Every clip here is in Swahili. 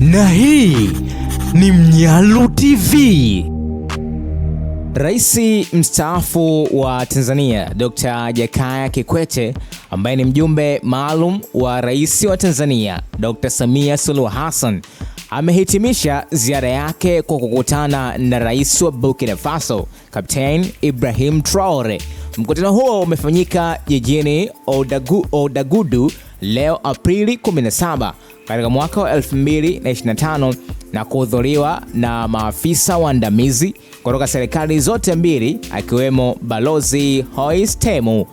Na hii ni Mnyalu TV. Rais mstaafu wa Tanzania Dr. Jakaya Kikwete ambaye ni mjumbe maalum wa Rais wa Tanzania Dr. Samia Suluhu Hassan amehitimisha ziara yake kwa kukutana na Rais wa Burkina Faso Kapteni Ibrahim Traore. Mkutano huo umefanyika jijini Ouagadougou leo Aprili 17 katika mwaka wa 2025 na kuhudhuriwa na maafisa waandamizi kutoka serikali zote mbili akiwemo Balozi Hois Temu.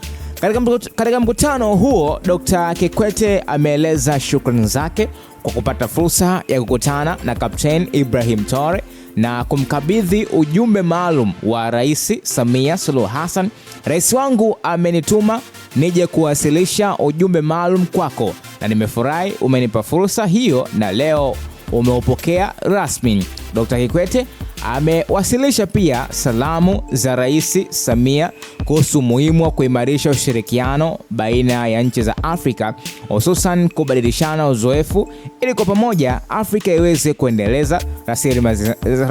Katika mkutano huo, Dkt. Kikwete ameeleza shukrani zake kwa kupata fursa ya kukutana na Kapteni Ibrahim Traore na kumkabidhi ujumbe maalum wa Rais Samia Suluhu Hassan. Rais wangu amenituma nije kuwasilisha ujumbe maalum kwako, na nimefurahi umenipa fursa hiyo na leo umeupokea rasmi. Dr. Kikwete Amewasilisha pia salamu za Rais Samia kuhusu umuhimu wa kuimarisha ushirikiano baina ya nchi za Afrika, hususan kubadilishana uzoefu ili kwa pamoja Afrika iweze kuendeleza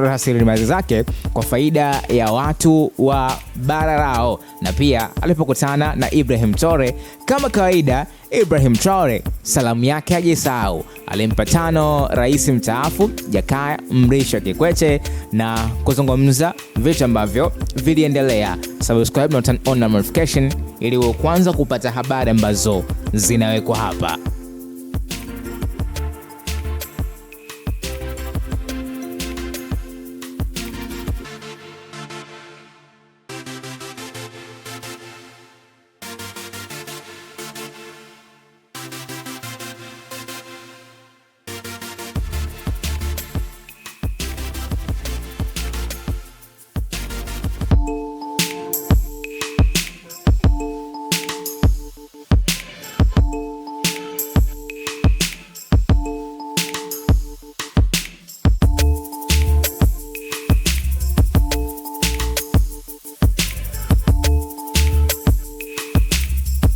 rasilimali zake kwa faida ya watu wa bara lao. Na pia alipokutana na Ibrahim Traore, kama kawaida, Ibrahim Traore salamu yake hajisahau, alimpa tano rais mstaafu Jakaya Mrisho Kikwete na na kuzungumza vitu ambavyo viliendelea. Subscribe na turn on notification ili kwanza kupata habari ambazo zinawekwa hapa.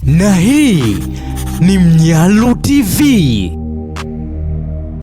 na hii ni Mnyalu TV.